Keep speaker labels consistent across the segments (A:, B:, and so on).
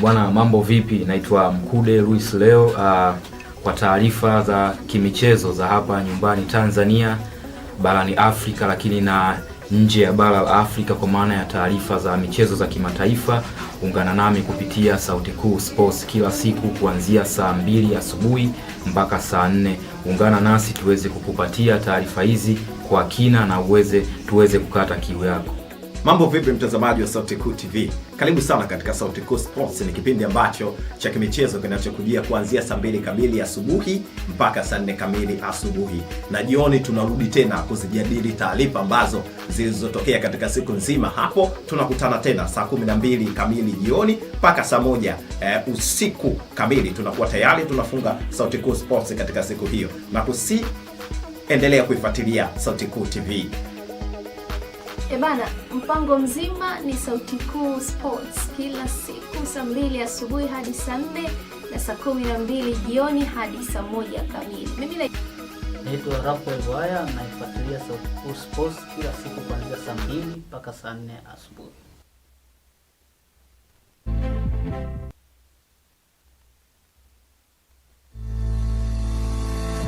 A: Bwana, mambo vipi? Naitwa Mkude Luis leo uh, kwa taarifa za kimichezo za hapa nyumbani Tanzania, barani Afrika, lakini na nje ya bara la Afrika, kwa maana ya taarifa za michezo za kimataifa. Ungana nami kupitia Sauti Kuu Sports kila siku kuanzia saa mbili asubuhi mpaka saa nne. Ungana nasi tuweze kukupatia taarifa hizi kwa kina na uweze tuweze kukata kiu yako.
B: Mambo vipi, mtazamaji wa Sauti Kuu TV? Karibu sana katika Sauti Kuu Sports. Ni kipindi ambacho cha kimichezo kinachokujia kuanzia saa mbili kamili asubuhi mpaka saa nne kamili asubuhi, na jioni tunarudi tena kuzijadili taarifa ambazo zilizotokea katika siku nzima. Hapo tunakutana tena saa kumi na mbili kamili jioni mpaka saa moja e, usiku kamili, tunakuwa tayari tunafunga Sauti Kuu Sports katika siku hiyo, na kusi endelea kuifuatilia Sauti Kuu TV.
C: E bana, mpango mzima ni Sauti Kuu Sports kila siku saa mbili asubuhi hadi saa nne na saa kumi na mbili jioni hadi saa moja kamili. Mimi
D: naitwa Rafael Waya, naifuatilia Sauti Kuu Sports kila siku kuanzia saa mbili mpaka saa nne asubuhi.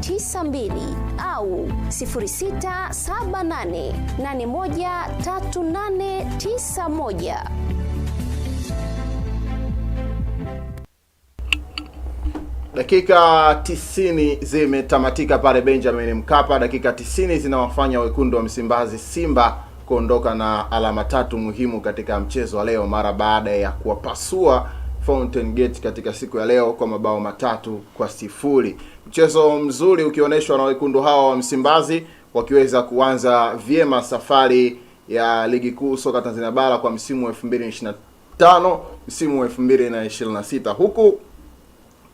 E: 92 au 0678813891.
F: Dakika 90 zimetamatika pale Benjamin Mkapa. Dakika 90 zinawafanya wekundu wa Msimbazi Simba kuondoka na alama tatu muhimu katika mchezo wa leo mara baada ya kuwapasua Fountain Gate katika siku ya leo kwa mabao matatu kwa sifuri. Mchezo mzuri ukionyeshwa na wekundu hawa wa Msimbazi wakiweza kuanza vyema safari ya ligi kuu soka Tanzania bara kwa msimu wa 2025 msimu wa 2026 huku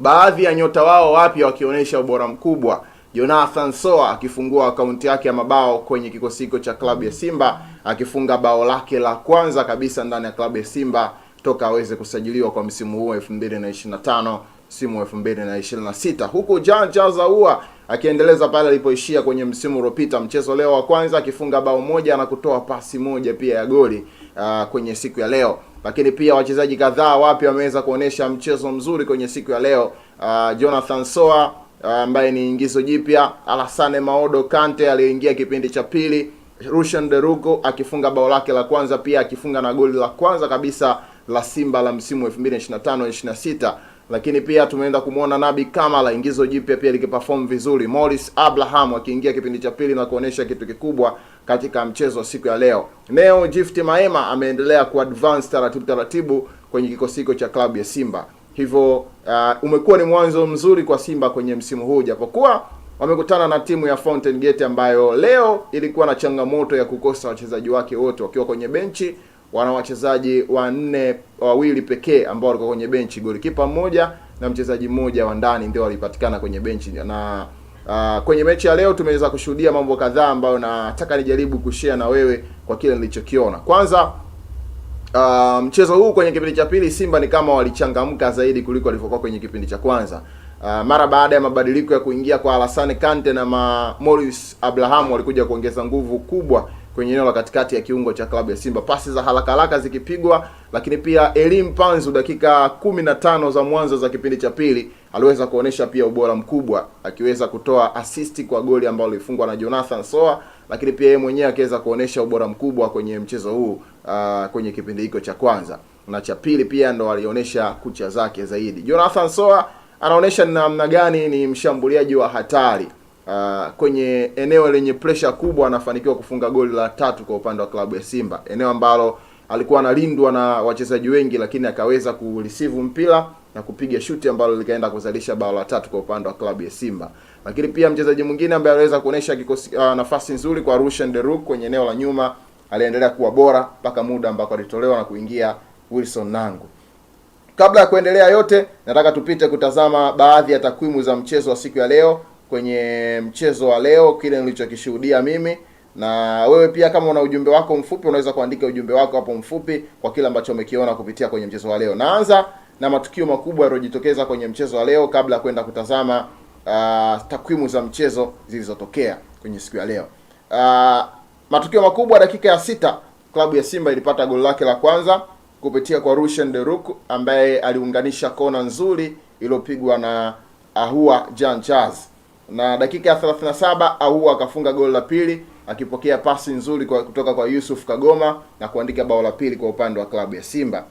F: baadhi ya nyota wao wapya wakionyesha ubora mkubwa. Jonathan Soa akifungua akaunti yake ya mabao kwenye kikosi hicho cha klabu ya Simba akifunga bao lake la kwanza kabisa ndani ya klabu ya Simba toka aweze kusajiliwa kwa msimu huu 2025 msimu 2026, huku Jean Ahoua akiendeleza pale alipoishia kwenye msimu uliopita, mchezo leo wa kwanza akifunga bao moja na kutoa pasi moja pia ya goli uh, kwenye siku ya leo. Lakini pia wachezaji kadhaa wapya wameweza kuonesha mchezo mzuri kwenye siku ya leo uh, Jonathan Soa uh, ambaye uh, ni ingizo jipya, Alassane Maodo Kante aliyeingia kipindi cha pili, Rushan Derugo akifunga bao lake la kwanza, pia akifunga na goli la kwanza kabisa la Simba la msimu 2025 26 lakini pia tumeenda kumwona Nabi Kamala ingizo jipya pia likiperform vizuri, Morris Abraham akiingia kipindi cha pili na kuonesha kitu kikubwa katika mchezo siku ya leo. Neo Gift Maema ameendelea ku advance taratibu taratibu kwenye kikosi hicho cha klabu ya Simba, hivyo uh, umekuwa ni mwanzo mzuri kwa Simba kwenye msimu huu, japokuwa wamekutana na timu ya Fountain Gate ambayo leo ilikuwa na changamoto ya kukosa wachezaji wake wote wakiwa kwenye benchi wana wachezaji wanne wawili pekee ambao walikuwa kwenye benchi, golikipa mmoja na mchezaji mmoja wa ndani ndio walipatikana kwenye benchi na Uh, kwenye mechi ya leo tumeweza kushuhudia mambo kadhaa ambayo nataka nijaribu kushare na wewe kwa kile nilichokiona. Kwanza uh, mchezo huu kwenye kipindi cha pili Simba ni kama walichangamka zaidi kuliko walivyokuwa kwenye kipindi cha kwanza. Uh, mara baada ya mabadiliko ya kuingia kwa Alassane Kante na Morris Abraham walikuja kuongeza nguvu kubwa kwenye eneo la katikati ya kiungo cha klabu ya Simba, pasi za haraka haraka zikipigwa, lakini pia Elim Panzu dakika 15 za mwanzo za kipindi cha pili aliweza kuonesha pia ubora mkubwa, akiweza kutoa asisti kwa goli ambalo lilifungwa na Jonathan Soa, lakini pia yeye mwenyewe akiweza kuonesha ubora mkubwa kwenye mchezo huu uh, kwenye kipindi hicho cha kwanza na cha pili pia ndo alionyesha kucha zake zaidi. Jonathan Soa anaonyesha ni namna gani ni mshambuliaji wa hatari uh, kwenye eneo lenye presha kubwa anafanikiwa kufunga goli la tatu kwa upande wa klabu ya Simba, eneo ambalo alikuwa analindwa na wachezaji wengi, lakini akaweza kurisivu mpira na kupiga shuti ambalo likaenda kuzalisha bao la tatu kwa upande wa klabu ya Simba. Lakini pia mchezaji mwingine ambaye aliweza kuonesha kikosi uh, nafasi nzuri kwa Rushan Deruk kwenye eneo la nyuma aliendelea kuwa bora mpaka muda ambako alitolewa na kuingia Wilson Nangu. Kabla ya kuendelea yote, nataka tupite kutazama baadhi ya takwimu za mchezo wa siku ya leo kwenye mchezo wa leo, kile nilichokishuhudia mimi na wewe pia. Kama una ujumbe wako mfupi, unaweza kuandika ujumbe wako hapo mfupi kwa kile ambacho umekiona kupitia kwenye mchezo wa leo. Naanza na matukio makubwa yaliyojitokeza kwenye mchezo wa leo kabla ya kwenda kutazama uh, takwimu za mchezo zilizotokea kwenye siku ya leo. Uh, matukio makubwa, dakika ya sita klabu ya Simba ilipata goli lake la kwanza kupitia kwa Rushen Deruku ambaye aliunganisha kona nzuri iliyopigwa na Ahua Jan Jaz na dakika ya 37 au akafunga goli la pili akipokea pasi nzuri kwa, kutoka kwa Yusuf Kagoma na kuandika bao la pili kwa upande wa klabu ya Simba.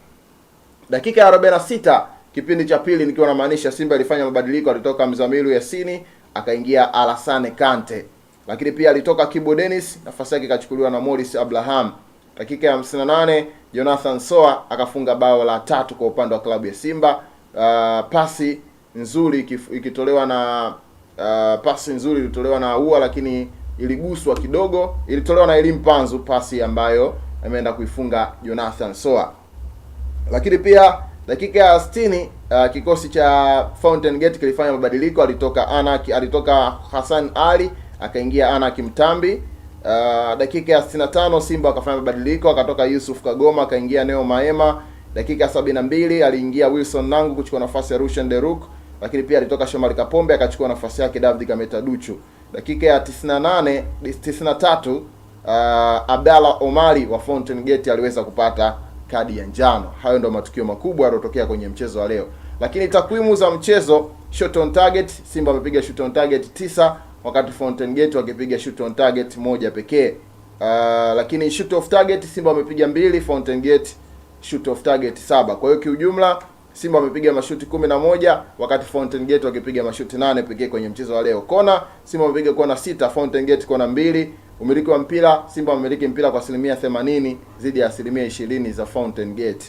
F: Dakika ya 46 kipindi cha pili, nikiwa namaanisha Simba ilifanya mabadiliko, alitoka Mzamiru Yasini akaingia Alasane Kante, lakini pia alitoka Kibo Dennis, nafasi yake ikachukuliwa na Morris Abraham. Dakika ya 58 Jonathan Soa akafunga bao la tatu kwa upande wa klabu ya Simba. Uh, pasi nzuri ikitolewa na uh, pasi nzuri ilitolewa na Ahoua, lakini iliguswa kidogo, ilitolewa na Elim Panzu, pasi ambayo ameenda kuifunga Jonathan Soa. Lakini pia dakika ya 60 uh, kikosi cha Fountain Gate kilifanya mabadiliko, alitoka Anak, alitoka Hassan Ali akaingia Anak Mtambi. Uh, dakika ya 65 Simba akafanya mabadiliko, akatoka Yusuf Kagoma akaingia Neo Maema. Dakika ya 72 aliingia Wilson Nangu kuchukua nafasi ya Rushan Deruk lakini pia alitoka Shomari Kapombe akachukua nafasi yake David Kameta Duchu. Dakika ya 98 93, uh, Abdalla Omari wa Fountain Gate aliweza kupata kadi ya njano. Hayo ndio matukio makubwa yaliyotokea kwenye mchezo wa leo. Lakini takwimu za mchezo, shot on target, Simba amepiga shot on target tisa wakati Fountain Gate wakipiga shot on target moja pekee. Uh, lakini shoot off target Simba wamepiga mbili, Fountain Gate shoot off target saba. Kwa hiyo kiujumla Simba wamepiga mashuti kumi na moja wakati Fountain Gate wakipiga mashuti nane pekee kwenye mchezo wa leo. Kona Simba wamepiga kona sita, Fountain Gate kona mbili. Umiliki wa mpira Simba wamiliki mpira kwa asilimia 80 zidi ya asilimia 20 za Fountain Gate.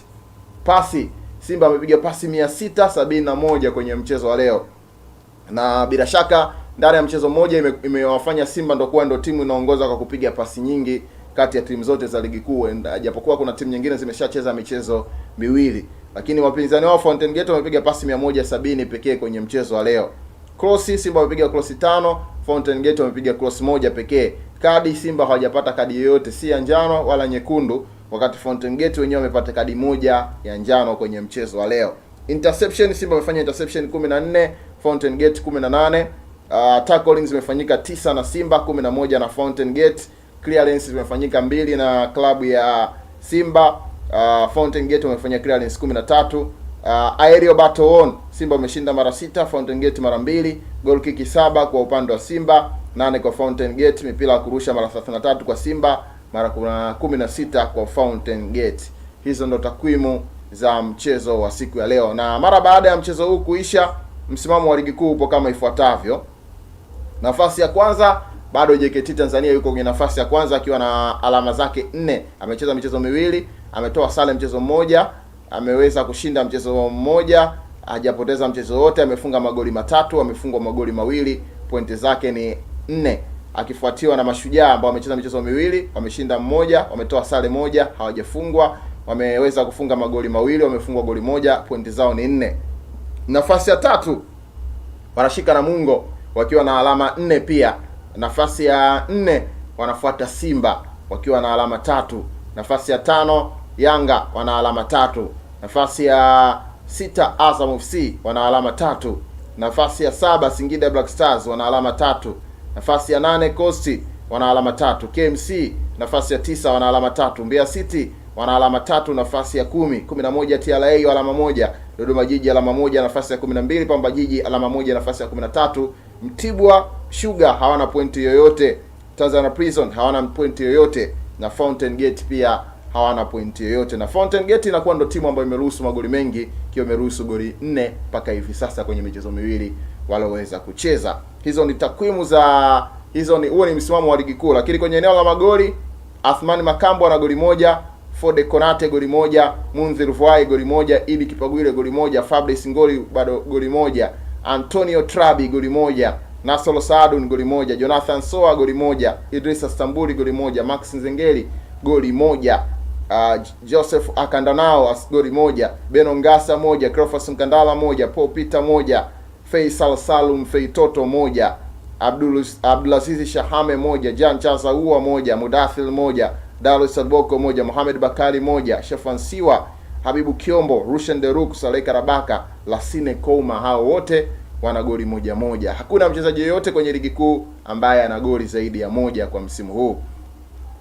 F: Pasi Simba amepiga pasi 671 kwenye mchezo wa leo, na bila shaka ndani ya mchezo mmoja imewafanya ime Simba ndo kuwa ndo timu inaongoza kwa kupiga pasi nyingi kati ya timu zote za ligi kuu, japokuwa kuna timu nyingine zimeshacheza michezo miwili lakini wapinzani wao Fountain Gate wamepiga pasi 170 pekee kwenye mchezo wa leo. Cross Simba wamepiga cross tano, Fountain Gate wamepiga cross moja pekee. Kadi Simba hawajapata kadi yoyote, si ya njano wala nyekundu, wakati Fountain Gate wenyewe wamepata kadi moja ya njano kwenye mchezo wa leo. Interception Simba wamefanya interception 14, Fountain Gate 18. Uh, ah, tacklings zimefanyika 9 na Simba 11 na Fountain Gate. Clearances zimefanyika mbili na klabu ya Simba uh, Fountain Gate wamefanya clearance 13. Uh, Aerio Battle On Simba wameshinda mara sita, Fountain Gate mara mbili, goal kick saba kwa upande wa Simba, nane kwa Fountain Gate, mipira ya kurusha mara 33 kwa Simba, mara 16 kwa Fountain Gate. Hizo ndo takwimu za mchezo wa siku ya leo, na mara baada ya mchezo huu kuisha, msimamo wa ligi kuu upo kama ifuatavyo. Nafasi ya kwanza bado JKT Tanzania yuko kwenye nafasi ya kwanza akiwa na alama zake nne, amecheza michezo miwili ametoa sare mchezo mmoja, ameweza kushinda mchezo mmoja, hajapoteza mchezo wote, amefunga magoli matatu, amefungwa magoli mawili, pointi zake ni nne, akifuatiwa na Mashujaa ambao wamecheza michezo miwili, wameshinda mmoja, wametoa sare moja, hawajafungwa, wameweza kufunga magoli mawili, wamefungwa goli moja, pointi zao ni nne. Nafasi ya tatu wanashika Namungo wakiwa na alama nne pia. Nafasi ya nne wanafuata Simba wakiwa na alama tatu. Nafasi ya tano Yanga wana alama tatu. Nafasi ya sita Azam FC wana alama tatu. Nafasi ya saba Singida Black Stars wana alama tatu. Nafasi ya nane Coast wana alama tatu. KMC nafasi ya tisa wana alama tatu. Mbeya City wana alama tatu. Nafasi ya kumi kumi na moja TRA alama moja. Dodoma Jiji alama moja. Nafasi ya kumi na mbili Pamba Jiji alama moja. Nafasi ya kumi na tatu Mtibwa Sugar hawana pointi yoyote. Tanzania Prison hawana pointi yoyote, na Fountain Gate pia hawana pointi yoyote, na Fountain Gate inakuwa ndo timu ambayo imeruhusu magoli mengi, ikiwa imeruhusu goli nne mpaka hivi sasa kwenye michezo miwili walioweza kucheza. Hizo ni takwimu za hizo, ni huo ni msimamo wa ligi kuu, lakini kwenye eneo la magoli Athmani Makambo ana goli moja, Fode Konate goli moja, Munzi Vuai goli moja, Idi Kipagwile goli moja, Fabrice Ngoli bado goli moja, Antonio Trabi goli moja, Nasolo Saadun goli moja, Jonathan Soa goli moja, Idrisa Stambuli goli moja, Max Nzengeli goli moja uh, Joseph Akandanao goli moja, Beno Ngasa moja, crofas Mkandala moja, Paul Peter moja, Faisal Salum Feitoto moja, Abdul Abdulaziz Shahame moja, Jan Chaza Uwa moja, Mudathil moja, Dalo Saboko moja, Mohamed Bakari moja, Shefan Siwa, Habibu Kiombo, Rushen Deruk, Saleh Karabaka, Lasine Kouma, hao wote wana goli moja moja. Hakuna mchezaji yoyote kwenye ligi kuu ambaye ana goli zaidi ya moja kwa msimu huu.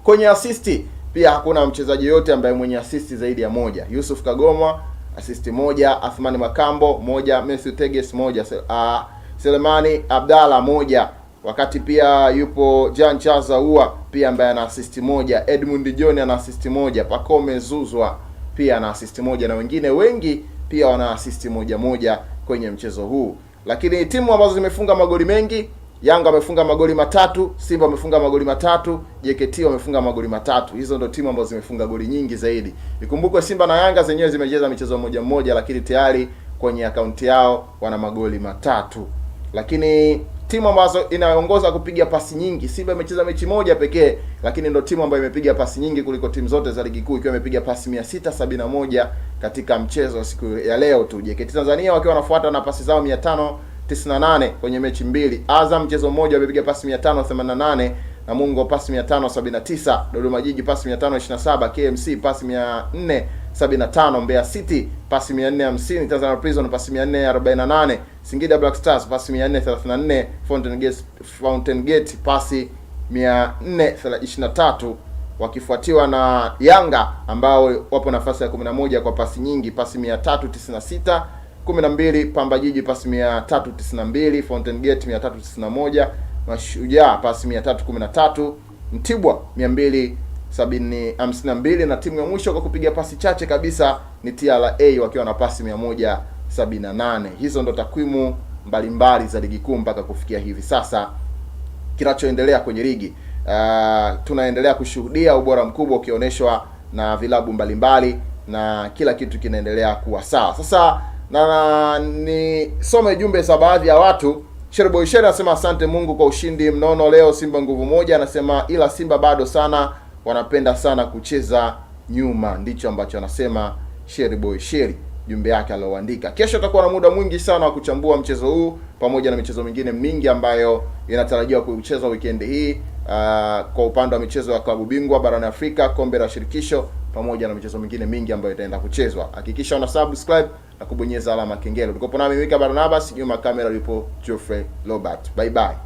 F: Kwenye asisti pia hakuna mchezaji yote ambaye mwenye asisti zaidi ya moja. Yusuf Kagoma asisti moja, Athmani Makambo moja, Messi Teges moja, uh, Selemani Abdalla moja, wakati pia yupo Jean Charles Ahoua pia ambaye ana asisti moja, Edmund John ana asisti moja, Pacome Zuzwa pia ana asisti moja na wengine wengi pia wana asisti moja moja kwenye mchezo huu, lakini timu ambazo zimefunga magoli mengi Yanga wamefunga magoli matatu, Simba wamefunga magoli matatu, JKT wamefunga magoli matatu. Hizo ndo timu ambazo zimefunga goli nyingi zaidi. Ikumbukwe Simba na Yanga zenyewe zimecheza michezo moja moja, lakini tayari kwenye akaunti yao wana magoli matatu. Lakini timu ambazo inaongoza kupiga pasi nyingi, Simba imecheza mechi moja pekee, lakini ndo timu ambayo imepiga pasi nyingi kuliko timu zote za ligi kuu, ikiwa imepiga pasi 671 katika mchezo siku ya leo tu. JKT Tanzania wakiwa wanafuata na pasi zao 500 98 kwenye mechi mbili. Azam mchezo mmoja amepiga pasi 588, Namungo pasi 579, Dodoma Jiji pasi 527, KMC pasi 475, Mbeya City pasi 450, Tanzania Prison pasi 448, Singida Black Stars pasi 434, Fountain Gate Fountain Gate pasi 423 wakifuatiwa na Yanga ambao wapo nafasi ya 11 kwa pasi nyingi, pasi 396 12 Pamba Jiji pasi 392, Fountain Gate 391, Mashujaa pasi 313, Mtibwa 252 na timu ya mwisho kwa kupiga pasi chache kabisa ni TRA wakiwa na pasi 178. Hizo ndo takwimu mbalimbali za ligi kuu mpaka kufikia hivi sasa. Kinachoendelea kwenye ligi uh, tunaendelea kushuhudia ubora mkubwa ukionyeshwa na vilabu mbalimbali na kila kitu kinaendelea kuwa sawa sasa na nisome jumbe za baadhi ya watu. Sherboishere anasema asante Mungu kwa ushindi mnono leo, Simba nguvu moja. Anasema ila Simba bado sana wanapenda sana kucheza nyuma, ndicho ambacho anasema Sherboisheri jumbe yake alioandika. Kesho atakuwa na muda mwingi sana wa kuchambua mchezo huu pamoja na michezo mingine mingi ambayo inatarajiwa kuchezwa weekend hii. Uh, kwa upande wa michezo ya klabu bingwa barani Afrika, kombe la shirikisho pamoja na michezo mingine mingi ambayo itaenda kuchezwa. Hakikisha una subscribe na kubonyeza alama kengele. Ulikopo nami Mika Barnabas, nyuma kamera yupo Geoffrey Lobat. Bye bye.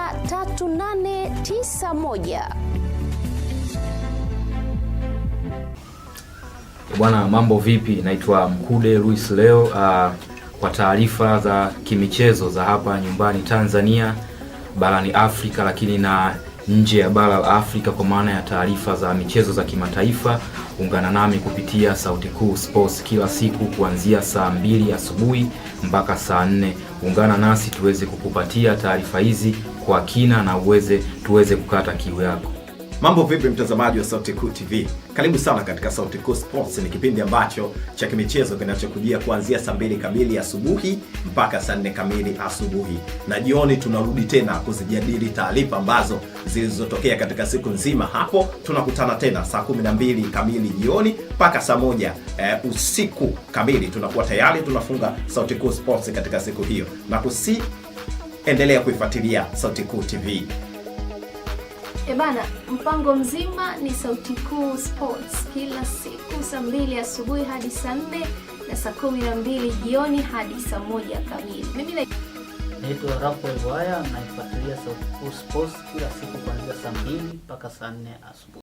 A: Bwana, mambo vipi? Naitwa Mkude Luis leo uh, kwa taarifa za kimichezo za hapa nyumbani Tanzania, barani Afrika, lakini na nje ya bara la Afrika kwa maana ya taarifa za michezo za kimataifa. Ungana nami kupitia Sauti Kuu Sports kila siku kuanzia saa mbili asubuhi mpaka saa nne. Ungana nasi tuweze kukupatia taarifa hizi kwa kina na uweze tuweze kukata kiu yako.
B: Mambo vipi, mtazamaji wa Sauti Kuu TV? Karibu sana katika Sauti Kuu Sports, ni kipindi ambacho cha kimichezo kinachokujia kuanzia saa mbili kamili asubuhi mpaka saa nne kamili asubuhi, na jioni tunarudi tena kuzijadili taarifa ambazo zilizotokea katika siku nzima. Hapo tunakutana tena saa 12 kamili jioni mpaka saa moja e, usiku kamili, tunakuwa tayari tunafunga Sauti Kuu Sports katika siku hiyo, na kusi endelea kuifuatilia Sauti Kuu TV.
C: Ebana, eh, mpango mzima ni Sauti Kuu Sports kila siku saa mbili asubuhi hadi saa nne na saa kumi na mbili jioni hadi saa moja kamili. Mimi
D: naitwa Rafael Waya, naifuatilia Sauti Kuu Sports kila siku kuanzia saa mbili mpaka saa nne asubuhi.